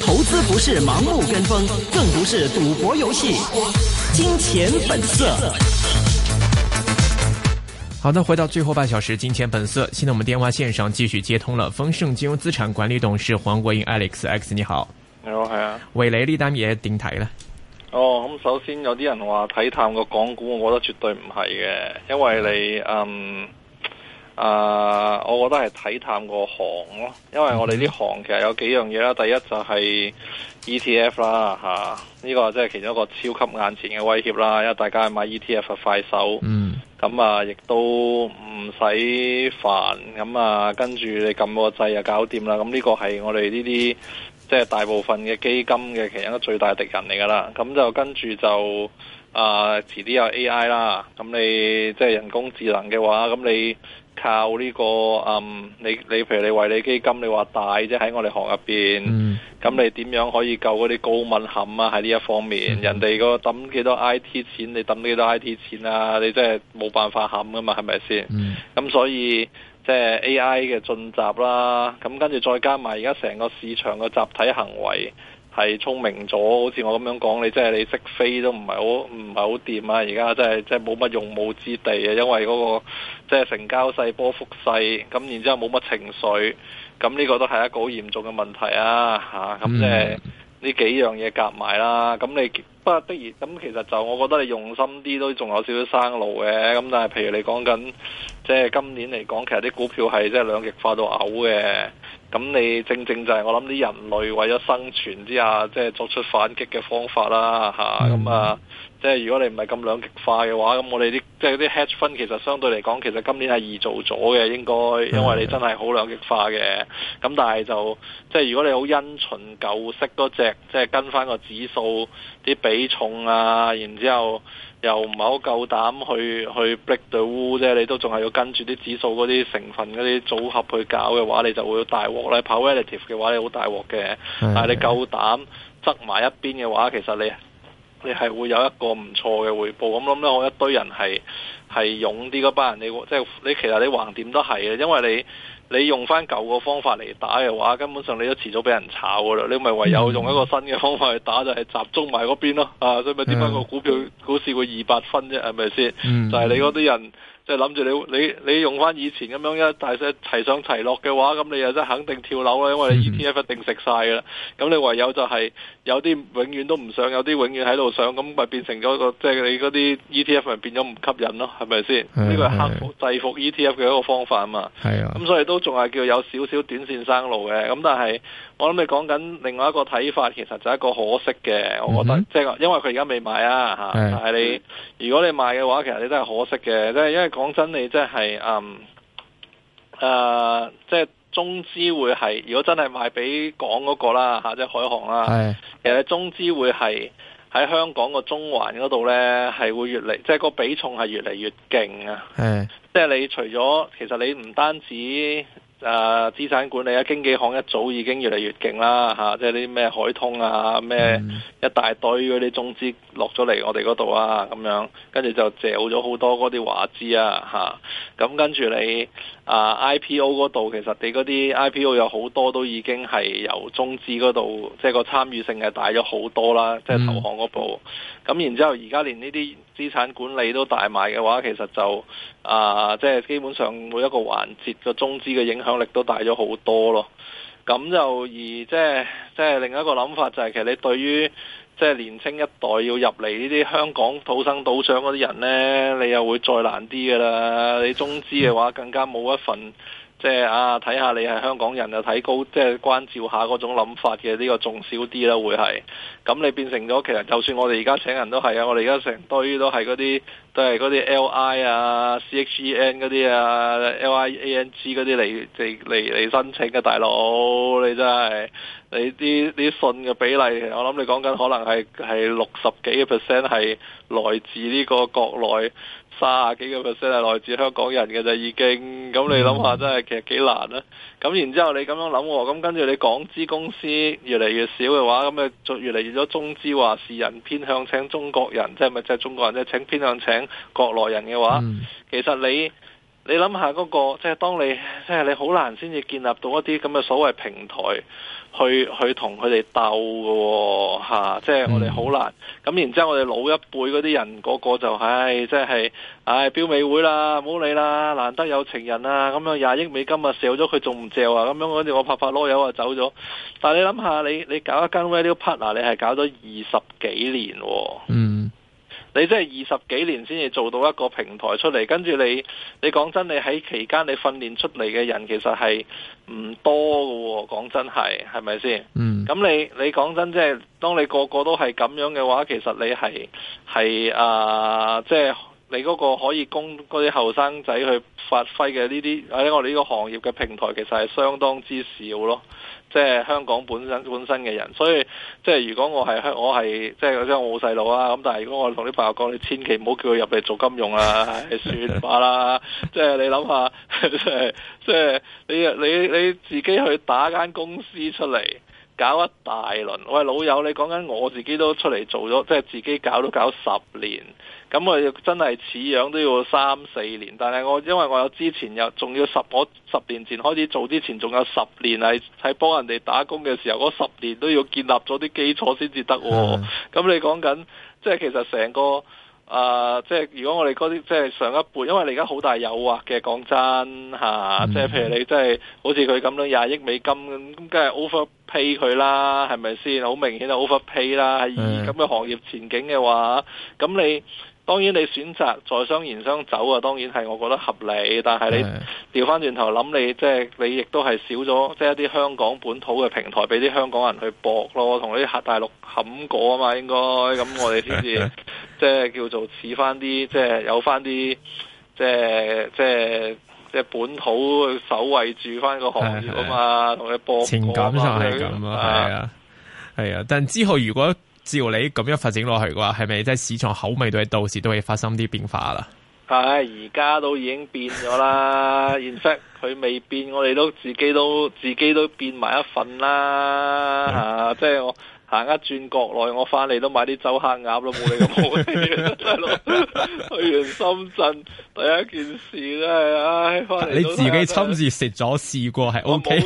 投資不是盲目跟風，更不是賭博遊戲。金錢本色。ここ的好的，回到最後半小時，金錢本色。現在我們電話線上繼續接通了，豐盛金融資產管理董事黃國英 Alex X，你好。Yes. 你好，係啊。偉，你呢單嘢點睇呢？哦，咁首先有啲人話睇淡個港股，我覺得絕對唔係嘅，因為你嗯。Um, 啊，uh, 我覺得係睇淡個行咯，因為我哋呢行其實有幾樣嘢啦。第一就係 E T F 啦，吓、啊、呢、呢個即係其中一個超級眼前嘅威脅啦。因為大家買 E T F 快手，咁、嗯、啊亦都唔使煩，咁啊跟住你撳個掣就搞掂啦。咁呢個係我哋呢啲即係大部分嘅基金嘅其中一個最大敵人嚟噶啦。咁就跟住就啊，遲啲有 A I 啦，咁你即係人工智能嘅話，咁你。靠呢、這個誒、嗯，你你譬如你惠理基金，你話大啫喺我哋行入邊，咁、嗯、你點樣可以救嗰啲高敏冚啊？喺呢一方面，嗯、人哋個抌幾多 I T 錢，你抌幾多 I T 錢啊？你真係冇辦法冚噶嘛？係咪先？咁、嗯、所以即係、就是、A I 嘅進襲啦，咁跟住再加埋而家成個市場嘅集體行為。係聰明咗，好似我咁樣講，你即係你識飛都唔係好唔係好掂啊！而家即係即係冇乜用武之地啊，因為嗰個即係成交細、波幅細，咁然之後冇乜情緒，咁呢個都係一個好嚴重嘅問題啊！吓，咁即係呢幾樣嘢夾埋啦，咁你不過的然咁，其實就我覺得你用心啲都仲有少少生路嘅，咁但係譬如你講緊即係今年嚟講，其實啲股票係即係兩極化到嘔嘅。咁你正正就係、是，、我諗啲人類為咗生存之下，即係作出反擊嘅方法啦，吓，咁啊！嗯嗯即係如果你唔係咁兩極化嘅話，咁我哋啲即係啲 hedge fund 其實相對嚟講，其實今年係易做咗嘅，應該，因為你真係好兩極化嘅。咁但係就即係如果你好因循舊式嗰隻，即係跟翻個指數啲比重啊，然之後又唔係好夠膽去去 break 到烏啫，你都仲係要跟住啲指數嗰啲成分嗰啲組合去搞嘅話，你就會大鑊咧。你跑 relative 嘅話，你好大鑊嘅。的但係你夠膽側埋一邊嘅話，其實你。你係會有一個唔錯嘅回報，咁諗咧，我一堆人係係勇啲嗰班人，你即係你其實你橫掂都係嘅，因為你你用翻舊嘅方法嚟打嘅話，根本上你都遲早俾人炒噶啦，你咪唯有用一個新嘅方法去打，就係集中埋嗰邊咯，啊，所以咪點解個股票股市會二百分啫，係咪先？就係你嗰啲人。即係諗住你你你用翻以前咁樣一大細齊上齊落嘅話，咁你又真肯定跳樓啦，因為你 E T F 一定食晒噶啦。咁、嗯、你唯有就係、是、有啲永遠都唔上，有啲永遠喺度上，咁咪變成咗個即係、就是、你嗰啲 E T F 咪變咗唔吸引咯，係咪先？呢、啊啊、個係克服制服 E T F 嘅一個方法啊嘛。係是啊。咁所以都仲係叫有少少短線生路嘅。咁但係。我諗你講緊另外一個睇法，其實就係一個可惜嘅，我覺得即係、mm hmm. 因為佢而家未買啊吓，但係你、mm hmm. 如果你賣嘅話，其實你真係可惜嘅，即係因為講真，你即、就、係、是、嗯誒，即、呃、係、就是、中資會係如果真係賣俾港嗰、那個啦，吓，即係海航啦，其實中資會係喺香港個中環嗰度咧，係會越嚟即係個比重係越嚟越勁啊，即係你除咗其實你唔單止。誒，資、啊、產管理啊，經紀行一早已經越嚟越勁啦吓，即係啲咩海通啊，咩、啊、一大堆嗰啲中資落咗嚟我哋嗰度啊，咁樣跟住就借咗好多嗰啲華資啊吓，咁、啊、跟住你。啊、uh, IPO 嗰度其實你嗰啲 IPO 有好多都已經係由中資嗰度，即係個參與性係大咗好多啦，即係投行嗰部。咁、嗯、然之後，而家連呢啲資產管理都大賣嘅話，其實就啊，即係基本上每一個環節個中資嘅影響力都大咗好多咯。咁就而即係即係另一個諗法就係其實你對於。即係年青一代要入嚟呢啲香港土生土長嗰啲人咧，你又會再難啲噶啦。你中資嘅話，更加冇一份。即係、就是、啊，睇下你係香港人啊，睇高即係、就是、關照下嗰種諗法嘅呢、這個仲少啲啦，會係。咁你變成咗，其實就算我哋而家請人都係啊，我哋而家成堆都係嗰啲都係嗰啲 L I 啊、C H E N 嗰啲啊、L I A N G 嗰啲嚟嚟嚟嚟申請嘅大佬，你真係你啲啲信嘅比例，我諗你講緊可能係係六十幾 percent 係來自呢個國內。卅幾個 percent 係來自香港人嘅就已經咁，你諗下真係其實幾難啊。咁然之後你咁樣諗喎，咁、哦、跟住你港資公司越嚟越少嘅話，咁咪就越嚟越咗中資話事人偏向請中國人，即係咪即係中國人即係，請偏向請國內人嘅話，嗯、其實你你諗下嗰個，即係當你即係你好難先至建立到一啲咁嘅所謂平台。去去同佢哋鬥㗎喎、哦啊、即係我哋好難。咁、嗯、然之後，我哋老一輩嗰啲人、那個個就唉，即係唉，標尾會啦，唔好理啦，難得有情人啊，咁樣廿億美金啊，少咗佢仲唔借啊？咁樣嗰陣我拍拍囉柚啊走咗。但係你諗下，你你搞一間 Value Partners，你係搞咗二十幾年喎、哦。嗯。你即係二十幾年先至做到一個平台出嚟，跟住你你講真，你喺期間你訓練出嚟嘅人其實係唔多㗎喎、哦。講真係，係咪先？嗯。咁你你講真，即係當你個個個都係咁樣嘅話，其實你係係啊，即係、呃就是、你嗰個可以供嗰啲後生仔去發揮嘅呢啲，喺我哋呢個行業嘅平台其實係相當之少咯。即係香港本身本身嘅人，所以即係如果我係香我係即係即係我冇細路啊，咁但係如果我同啲朋友講，你千祈唔好叫佢入嚟做金融啦、哎，算罷啦， 即係你諗下，即係即係你你你自己去打間公司出嚟搞一大輪，喂老友，你講緊我，我自己都出嚟做咗，即係自己搞都搞十年。咁我真係似樣都要三四年，但係我因為我有之前有仲要十，我十年前開始做之前，仲有十年係喺幫人哋打工嘅時候，嗰十年都要建立咗啲基礎先至得喎。咁的你講緊即係其實成個啊、呃，即係如果我哋嗰啲即係上一輩，因為你而家好大誘惑嘅，講真嚇，啊嗯、即係譬如你即係、嗯、好似佢咁樣廿億美金咁，梗係 overpay 佢啦，係咪先？好明顯係 overpay 啦，係咁嘅行業前景嘅話，咁的你。當然你選擇在商言商走啊，當然係我覺得合理。但係你調翻轉頭諗， 你即係你亦都係少咗，即係一啲香港本土嘅平台俾啲香港人去搏咯，同啲客大陸冚過啊嘛。應該咁，我哋先至即係叫做似翻啲，即係有翻啲，即係即係即係本土去守衛住翻個行業啊嘛，同你搏情 感就係咁啊，係啊，係啊。但之後如果照你咁樣發展落去嘅話，係咪即係市場口味都係到時都會發生啲變化啦？係，而家都已經變咗啦，其實佢未變，我哋都自己都自己都變埋一份啦，吓即係我。行一轉國內，我翻嚟都買啲周黑鴨咯，冇你咁好。 大佬去完深圳第一件事咧，唉、哎，翻嚟你自己親自食咗試過係 O K。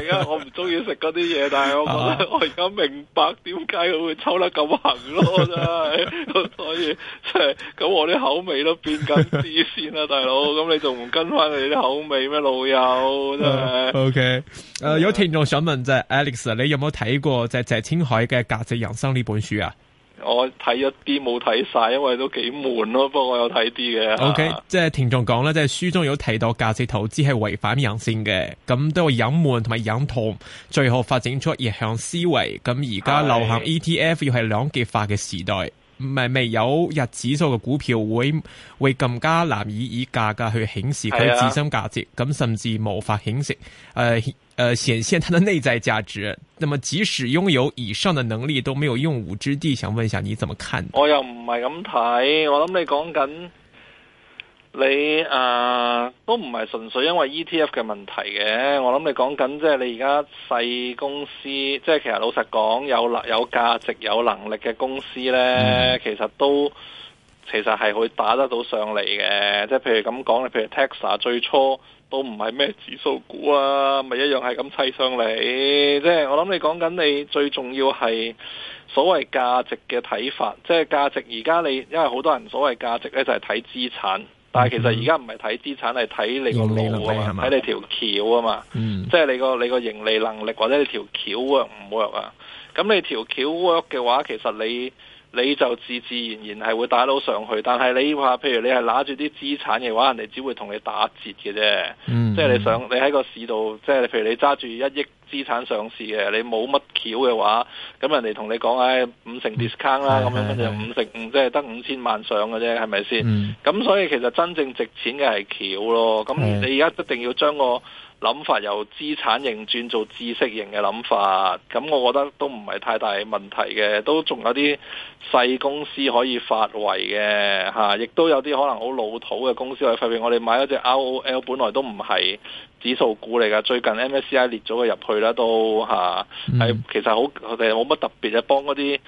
因為我唔中意食嗰啲嘢，但係我覺得 我而家明白點解佢會抽得咁行咯，真係。所以即係咁，就是、我啲口味都變緊啲先啦，大佬。咁你仲唔跟翻你啲口味咩，老友？真係。O K，誒，uh, 有聽眾想問就係、uh, Alex，你有冇睇過隻謝青海？睇嘅價值人生呢本書啊，我睇一啲冇睇晒，因為都幾悶咯。不過我有睇啲嘅。OK，即係聽眾講咧，即係書中有提到價值投資係違反人性嘅，咁都有隱瞞同埋隱痛，最後發展出逆向思維。咁而家流行 ETF，又係兩極化嘅時代。唔係未有日指數嘅股票會，會更加難以以價格去顯示佢自身價值，咁甚至無法顯示，誒、呃、誒，呃、顯現它的內在價值。那麼即使擁有以上嘅能力，都沒有用武之地。想問一下，你怎麼看？我又唔係咁睇，我諗你講緊。你啊，都唔係純粹因為 ETF 嘅問題嘅，我諗你講緊即係你而家細公司，即係其實老實講有有價值有能力嘅公司呢，其實都其實係會打得到上嚟嘅。即係譬如咁講你譬如 Tesla 最初都唔係咩指數股啊，咪一樣係咁砌上嚟。即係我諗你講緊你最重要係所謂價值嘅睇法，即係價值而家你因為好多人所謂價值呢，就係睇資產。但係其實而家唔係睇資產，係睇你個路啊，睇你條橋啊嘛。嘛嗯，即係你個你個盈利能力或者你條橋 work 唔 work 啊？咁你條橋 work 嘅話，其實你你就自自然然係會打到上去。但係你話譬如你係拿住啲資產嘅話，人哋只會同你打折嘅啫。嗯，即係你想你喺個市度，即係譬如你揸住一億。資產上市嘅，你冇乜橋嘅話，咁人哋同你講誒、哎、五成 discount 啦，咁樣跟就五成， 即係得五千萬上嘅啫，係咪先？咁 所以其實真正值錢嘅係橋咯，咁你而家一定要將個諗法由資產型轉做知識型嘅諗法，咁我覺得都唔係太大問題嘅，都仲有啲細公司可以發圍嘅嚇，亦、啊、都有啲可能好老土嘅公司可以發圍。我哋買一隻 ROL，本來都唔係指數股嚟噶，最近 MSCI 列咗佢入去啦，都嚇係其實好我哋冇乜特別啊，幫嗰啲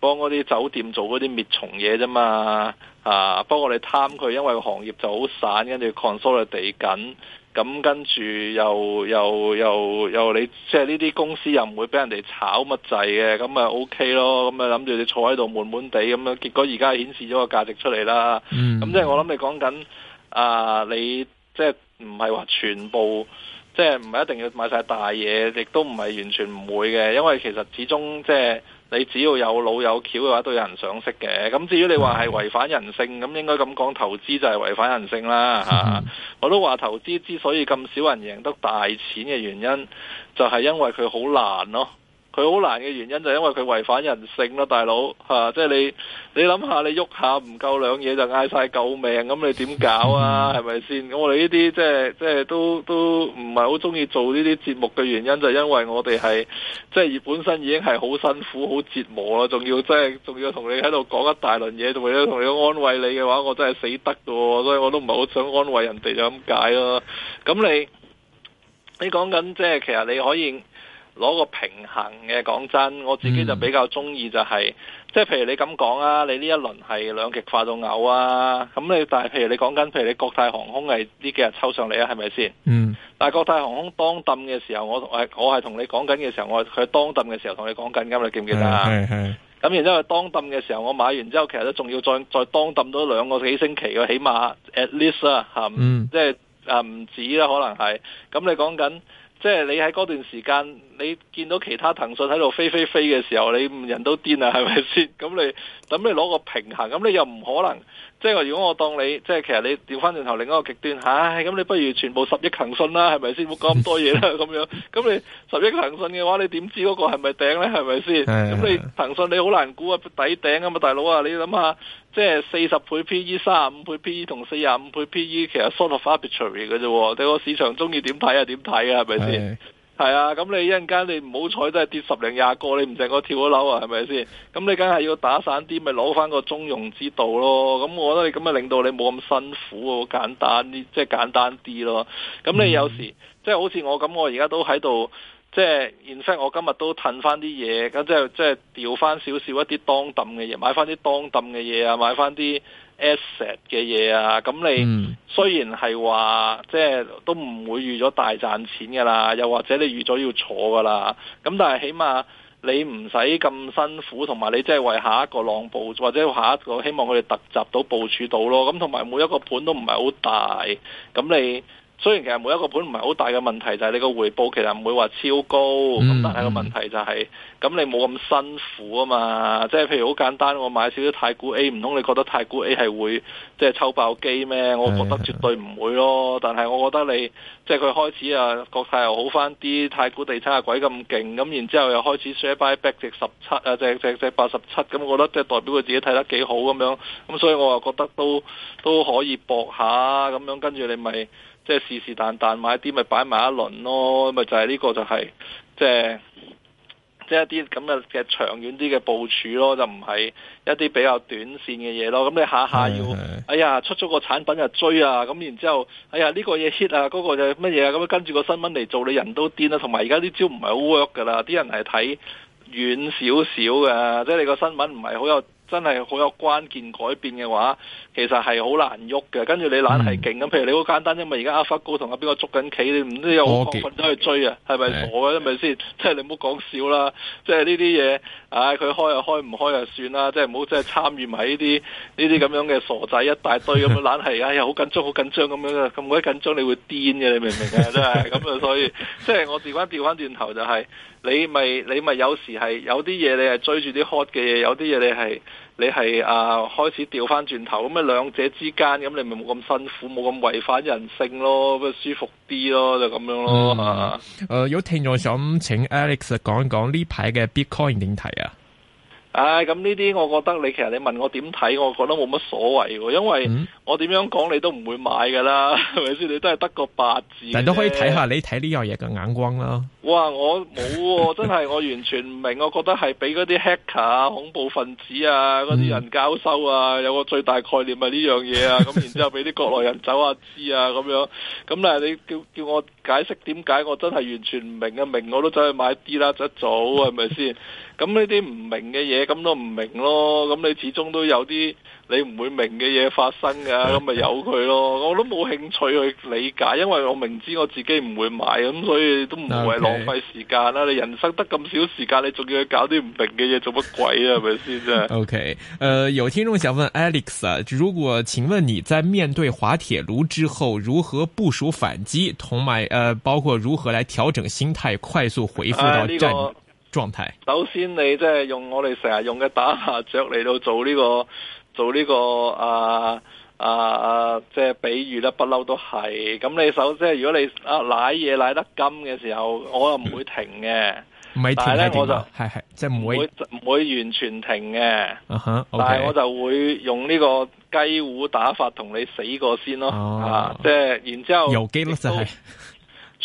幫嗰啲酒店做嗰啲滅蟲嘢啫嘛啊！不過我哋貪佢，因為個行業就好散，跟住 console 佢哋緊。咁跟住又又又又你即係呢啲公司又唔會俾人哋炒乜滯嘅，咁咪 O K 咯。咁咪諗住你坐喺度悶悶地咁樣，結果而家顯示咗個價值出嚟啦。咁、嗯、即係我諗你講緊啊，你即係唔係話全部即係唔係一定要買晒大嘢，亦都唔係完全唔會嘅，因為其實始終即係。你只要有腦有橋嘅話，都有人賞識嘅。咁至於你話係違反人性，咁的應該咁講，投資就係違反人性啦嚇的、啊。我都話投資之所以咁少人贏得大錢嘅原因，就係、是、因為佢好難咯。佢好難嘅原因就係因為佢違反人性咯，大佬吓、啊，即係你你諗下，你喐下唔夠兩嘢就嗌晒救命咁，你點搞啊？係咪先？我哋呢啲即係即係都都唔係好中意做呢啲節目嘅原因就係、因為我哋係即係本身已經係好辛苦好折磨啦，仲要即係仲要同你喺度講一大輪嘢，為咗同你安慰你嘅話，我真係死得噶，所以我都唔係好想安慰人哋就咁解咯。咁你你講緊即係其實你可以。攞個平衡嘅，講真，我自己就比較中意就係、是，即係、嗯 like, 譬如你咁講啊，你呢一輪係兩極化到嘔啊，咁你但係譬如你講緊，譬如你國泰航空係呢幾日抽上嚟啊，係咪先？嗯。但係國泰航空當揼嘅時候，我係我係同你講緊嘅時候，我佢係當揼嘅時候同你講緊㗎，你記唔記得啊？係係。咁然之後，當揼嘅時候，我買完之後，其實都仲要再再當揼多兩個幾星期嘅，起碼 at least 啊嚇。嗯。即係、uh, um, 啊，唔止啦，可能係。咁你講緊？即係你喺嗰段時間，你見到其他騰訊喺度飛飛飛嘅時候，你唔人都癲啦，係咪先？咁你，等你攞個平衡，咁你又唔可能。即係話，如果我當你即係其實你調翻轉頭另一個極端，唉、哎、咁你不如全部十億騰訊啦，係咪先？冇咁多嘢啦咁樣？咁你十億騰訊嘅話，你點知嗰個係咪頂咧？係咪先？咁 你騰訊你好難估啊底頂啊嘛，大佬啊！你諗下，即係四十倍 P E、三十五倍 P E 同四十五倍 P E，其實 sort of arbitrary 嘅啫。你個市場中意點睇就點睇啊，係咪先？ 係啊，咁你一陣間你唔好彩都係跌十零廿個，你唔成個跳一樓啊，係咪先？咁你梗係要打散啲，咪攞翻個中庸之道咯。咁我覺得咁啊，令到你冇咁辛苦，好簡單，即係簡單啲咯。咁你有時即係好似我咁，我而家都喺度。即係，然之後我今日都褪翻啲嘢，咁即係即係調翻少少一啲當抌嘅嘢，買翻啲當抌嘅嘢啊，買翻啲 asset 嘅嘢啊。咁你、嗯、雖然係話即係都唔會預咗大賺錢噶啦，又或者你預咗要坐噶啦。咁但係起碼你唔使咁辛苦，同埋你即係為下一個浪步，或者下一個希望佢哋特集到部署到咯。咁同埋每一個盤都唔係好大，咁你。雖然其實每一個盤唔係好大嘅問題，就係、是、你個回報其實唔會話超高，咁、嗯、但係個問題就係、是，咁、嗯、你冇咁辛苦啊嘛，即係譬如好簡單，我買少少太古 A，唔通你覺得太古 A 係會即係抽爆機咩？我覺得絕對唔會咯。嗯、但係我覺得你、嗯、即係佢開始啊，國泰又好翻啲，太古地產、啊、鬼咁勁，咁然之後又開始 share buy back 值十七啊，只只只八十七，咁我覺得即係代表佢自己睇得幾好咁樣，咁所以我又覺得都都，都可以搏下咁樣，跟住你咪。即係是是但但買啲咪擺埋一輪咯，咪就係、是、呢個就係、是、即係即係一啲咁嘅嘅長遠啲嘅部署咯，就唔係一啲比較短線嘅嘢咯。咁你下下要是是是哎呀出咗個產品就追啊，咁、嗯、然之後哎呀呢、這個嘢 hit 啊，嗰、這個就乜嘢啊，咁、嗯、跟住個新聞嚟做，你人都癲啦。同埋而家啲招唔係好 work 㗎啦，啲人係睇遠少少嘅，即係你個新聞唔係好有。真係好有關鍵改變嘅話，其實係好難喐嘅。跟住你懶係勁咁，譬如你好簡單，因為而家阿發哥同阿邊個捉緊棋，你唔知有亢奮咗去追啊？係咪傻嘅？係咪先，即係你唔好講笑啦。即係呢啲嘢，唉，佢開又開唔開啊算啦。即係唔好即係參與埋呢啲呢啲咁樣嘅傻仔一大堆咁嘅懶係啊！又、哎、好、哎、緊張，好緊張咁樣嘅，咁鬼緊張，你會癲嘅，你明唔明啊？真係咁啊！所以即係我調翻調翻轉頭就係、是。你咪你咪有時係有啲嘢，你係追住啲 hot 嘅嘢，有啲嘢你係你係啊開始掉翻轉頭，咁啊兩者之間，咁你咪冇咁辛苦，冇咁違反人性咯，咪舒服啲咯，就咁樣咯吓。誒、啊嗯呃，有聽眾想請 Alex 講一講呢排嘅 Bitcoin 點睇啊？唉、啊，咁呢啲我覺得你其實你問我點睇，我覺得冇乜所謂，因為。嗯我點樣講你都唔會買噶啦，係咪先？你都係得個八字，但都可以睇下，你睇呢樣嘢嘅眼光啦。哇！我冇，我真係我完全唔明。我覺得係俾嗰啲 hacker 啊、恐怖分子啊、嗰啲人交收啊，有個最大概念啊呢樣嘢啊。咁然之後俾啲國內人走下知啊，咁樣咁咧，你叫叫我解釋點解？我真係完全唔明啊！明我都走去買啲啦，一早係咪先？咁呢啲唔明嘅嘢，咁都唔明咯。咁你始終都有啲。你唔會明嘅嘢發生噶，咁咪由佢咯。我都冇興趣去理解，因為我明知我自己唔會買，咁所以都唔會浪費時間啦 Okay.。你人生得咁少時間，你仲要去搞啲唔明嘅嘢，做乜鬼啊？係咪先啊？OK，誒、呃，有聽眾想問 Alex，啊、如果請問你在面對滑鐵盧之後，如何部署反擊？同埋誒，包括如何來調整心態，快速回復到戰狀態，哎這個？首先，你即係用我哋成日用嘅打下雀嚟到做呢、這個。做呢個啊啊啊，即係比喻啦，不嬲都係。咁你首先，係如果你啊奶嘢奶得金嘅時候，我又唔會停嘅。唔係，嗯、停係點啊？係係，即係唔會唔會完全停嘅。Uh huh, okay. 但係我就會用呢個雞糊打法同你死過先咯。Oh, 啊，即係然之後。遊機咧就係。即是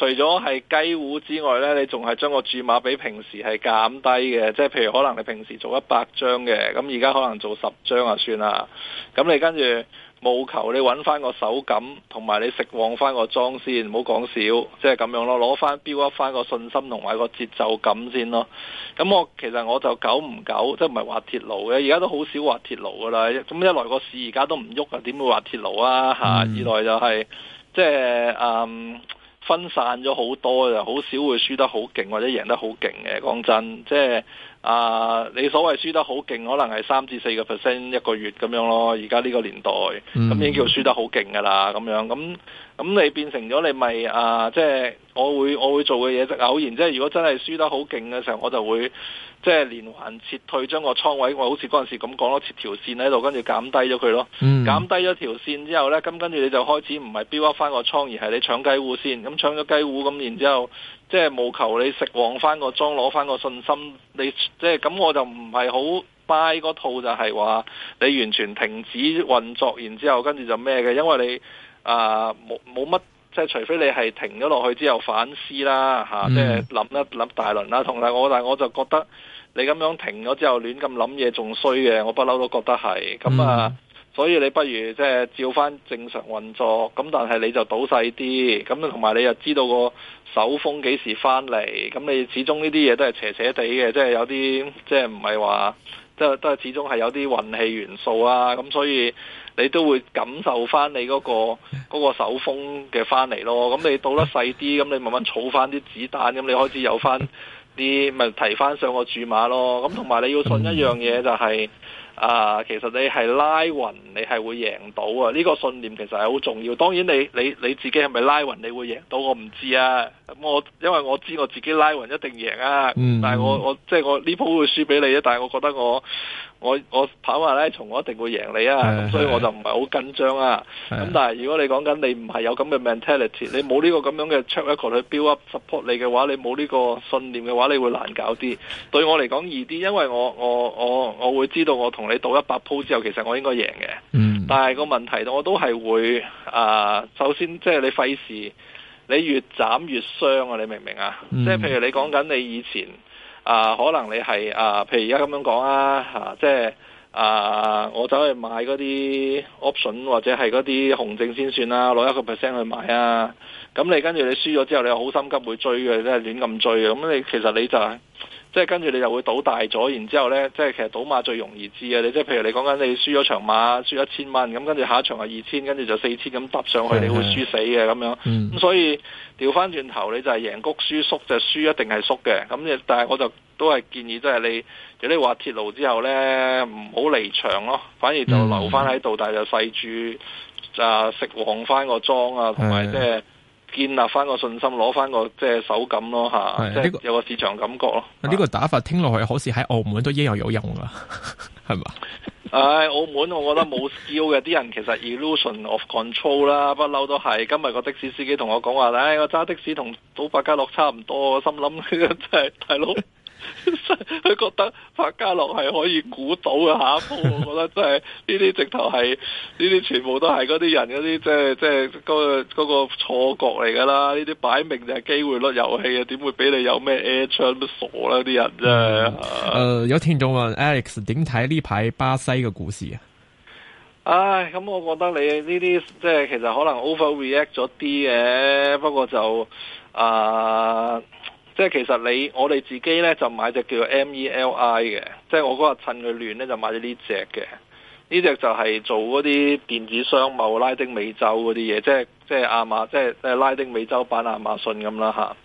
除咗係雞糊之外呢，你仲係將個注碼比平時係減低嘅，即係譬如可能你平時做一百張嘅，咁而家可能做十張啊算啦。咁你跟住務求，你揾翻個手感同埋你食旺翻個莊先，唔好講少，即係咁樣咯，攞翻 build 翻個信心同埋個節奏感先咯。咁我其實我就久唔久，即係唔係滑鐵路嘅，而家都好少滑鐵路噶啦。咁一來個市而家都唔喐啊，點會滑鐵路啊？嚇、嗯，二來就係、是、即係嗯。Um, 分散咗好多，就好少會輸得好勁或者贏得好勁嘅。講真，即係。啊！Uh, 你所謂輸得好勁，可能係三至四個 percent 一個月咁樣咯。而家呢個年代，咁已經叫輸得好勁噶啦。咁樣咁咁，你變成咗你咪啊？Uh, 即係我會我會做嘅嘢就偶然。即係如果真係輸得好勁嘅時候，我就會即係連環撤退，將個倉位我好似嗰陣時咁講咯，撤條線喺度，跟住減低咗佢咯。嗯、減低咗條線之後呢，咁跟住你就開始唔係標翻翻個倉，而係你搶雞糊先。咁、嗯、搶咗雞糊咁然之後。即係冇求你食旺返個莊，攞返個信心。你即係咁我就唔係好 buy 嗰套，就係話你完全停止運作，然之後跟住就咩嘅？因為你啊冇冇乜即係除非你係停咗落去之後反思啦嚇，啊，即係諗一諗大輪啦。同埋我但係我就覺得你咁樣停咗之後亂咁諗嘢仲衰嘅，我不嬲都覺得係咁啊。嗯所以你不如即係照翻正常運作，咁但係你就倒細啲，咁同埋你又知道個手風幾時翻嚟，咁你始終呢啲嘢都係斜斜地嘅，即係有啲即係唔係話都都係始終係有啲運氣元素啊，咁所以你都會感受翻你嗰個嗰個手風嘅翻嚟咯，咁你倒得細啲，咁你慢慢儲翻啲子彈，咁你開始有翻啲咪提翻上個注碼咯，咁同埋你要信一樣嘢就係。啊，其實你係拉勻，你係會贏到啊！呢個信念其實係好重要。當然你，你你你自己係咪拉勻，你會贏到我唔知啊。我因為我知我自己拉勻一定贏啊，嗯嗯但係我我即係我呢鋪會輸俾你啊。但係我覺得我。我我跑馬拉松我一定會贏你啊！咁是的 所以我就唔係好緊張啊。咁是的 但係如果你講緊你唔係有咁嘅 mentality，你冇呢個咁樣嘅 track record 去 build up support 你嘅話，你冇呢個信念嘅話，你會難搞啲。對我嚟講易啲，因為我我我我會知道我同你賭一百鋪之後，其實我應該贏嘅。嗯、但係個問題，我都係會啊、呃。首先，即、就、係、是、你費事，你越斬越傷啊！你明唔明啊？嗯、即係譬如你講緊你以前。啊，可能你係啊，譬如而家咁樣講啊，吓即係啊，我走去買嗰啲 option 或者係嗰啲熊證先算啦、啊，攞一個 percent 去買啊，咁你跟住你輸咗之後，你又好心急會追嘅，即係亂咁追，咁你其實你就。即係跟住你就會賭大咗，然之後呢，即係其實賭馬最容易知嘅。你即係譬如你講緊你輸咗場馬，輸一千蚊，咁跟住下一場係二千，跟住就四千咁搭上去，是是你會輸死嘅咁樣。咁是是、嗯、所以調翻轉頭，你就係贏谷輸縮，就輸一定係縮嘅。咁但係我就都係建議，即係如果你話鐵路之後呢，唔好離場咯，反而就留翻喺度，是是但係就細注就食黃翻個莊啊，同埋即係。建立翻個信心，攞翻個即係手感咯，吓的，即係有個市場感覺咯。呢個打法的聽落去，好似喺澳門都一樣有用噶，係嘛？唉、哎，澳門我覺得冇 feel 嘅，啲 人其實 illusion of control 啦，不嬲都係。今日個的，的士司機同我講話，唉、哎，我揸的士同賭百家樂差唔多，我心諗 真係大佬。 佢 覺得百家樂係可以估到嘅下一鋪，我覺得真係呢啲直頭係呢啲全部都係嗰啲人嗰啲即係即係嗰個嗰、嗰個錯覺嚟噶啦，呢啲擺明就係機會率遊戲啊，點會俾你有咩 a 唱？r 傻啦，啲人真係、嗯呃。有聽眾問 Alex 點睇呢排巴西嘅故事啊？唉，咁、嗯、我覺得你呢啲即係其實可能 overreact 咗啲嘅，不過就啊。呃即係其實你我哋自己咧就買隻叫 MELI 嘅，即係我嗰日趁佢亂咧就買咗呢隻嘅，呢隻就係做嗰啲電子商貿、拉丁美洲嗰啲嘢，即係即係亞馬，即係即係拉丁美洲版亞馬遜咁啦嚇。啊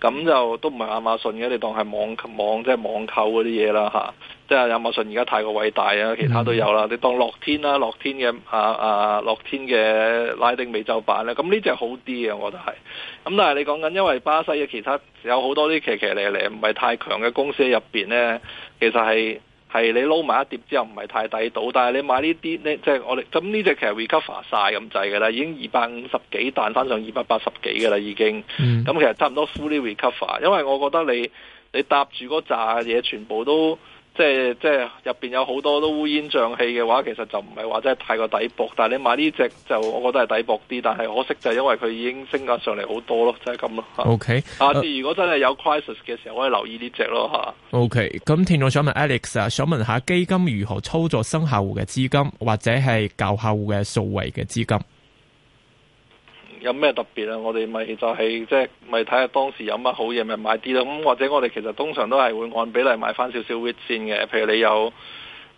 咁就都唔係亞馬遜嘅，你當係網，網，網購，啊，即係網購嗰啲嘢啦嚇。即係亞馬遜而家太過偉大啊，其他都有啦。你當樂天啦，樂天嘅啊啊，樂天嘅拉丁美洲版咧，咁呢隻好啲嘅，我覺得係。咁但係你講緊，因為巴西嘅其他有好多啲奇奇嚟嚟，唔係太強嘅公司喺入邊咧，其實係。係你撈埋一碟之後唔係太抵到，但係你買呢啲呢，即係我哋咁呢隻其實 recover 曬咁滯㗎啦，已經二百五十幾彈翻上二百八十幾㗎啦已經，咁、mm. 其實差唔多 fully recover，因為我覺得你你搭住嗰扎嘢全部都。即係即係入邊有好多都烏煙瘴氣嘅話，其實就唔係話真係太過抵博。但係你買呢隻就，我覺得係抵博啲。但係可惜就因為佢已經升價上嚟好多咯，就係咁咯。OK，啊，okay, 啊你如果真係有 crisis 嘅時候，可以留意呢隻咯嚇。啊、OK，咁聽眾想問 Alex 啊，想問下基金如何操作新客戶嘅資金，或者係舊客戶嘅數位嘅資金？有咩特別啊？我哋咪就係即係，咪睇下當時有乜好嘢，咪、就是、買啲咯。咁或者我哋其實通常都係會按比例買翻少少 whit 先嘅。譬如你有。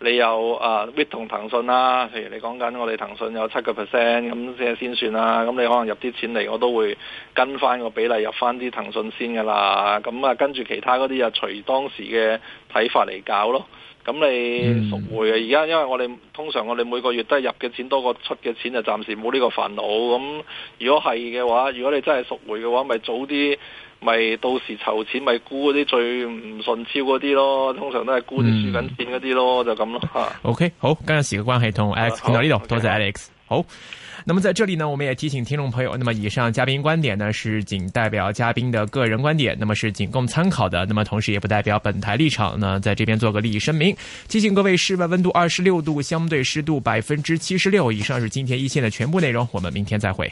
你有啊，wit 同騰訊啦，譬如你講緊我哋騰訊有七個 percent，咁即係先算啦。咁你可能入啲錢嚟，我都會跟翻個比例入翻啲騰訊先噶啦。咁啊，跟住其他嗰啲就隨當時嘅睇法嚟搞咯。咁你贖回啊？而家因為我哋通常我哋每個月都係入嘅錢多過出嘅錢，就暫時冇呢個煩惱。咁如果係嘅話，如果你真係贖回嘅話，咪早啲。咪到時籌錢咪估嗰啲最唔順超嗰啲咯，通常都係估住輸緊錢嗰啲咯，嗯、就咁咯，OK，好，今日時間關係同 Alex 聯絡，多謝 Alex。Okay. 好，那麼在這裡呢，我們也提醒聽眾朋友，那麼以上嘉賓觀點呢，是僅代表嘉賓的個人觀點，那麼是僅供參考的，那麼同時也不代表本台立場呢，在這邊做個利益聲明，提醒各位室外温度二十六度，相對濕度百分之七十六。以上是今天一線的全部內容，我們明天再會。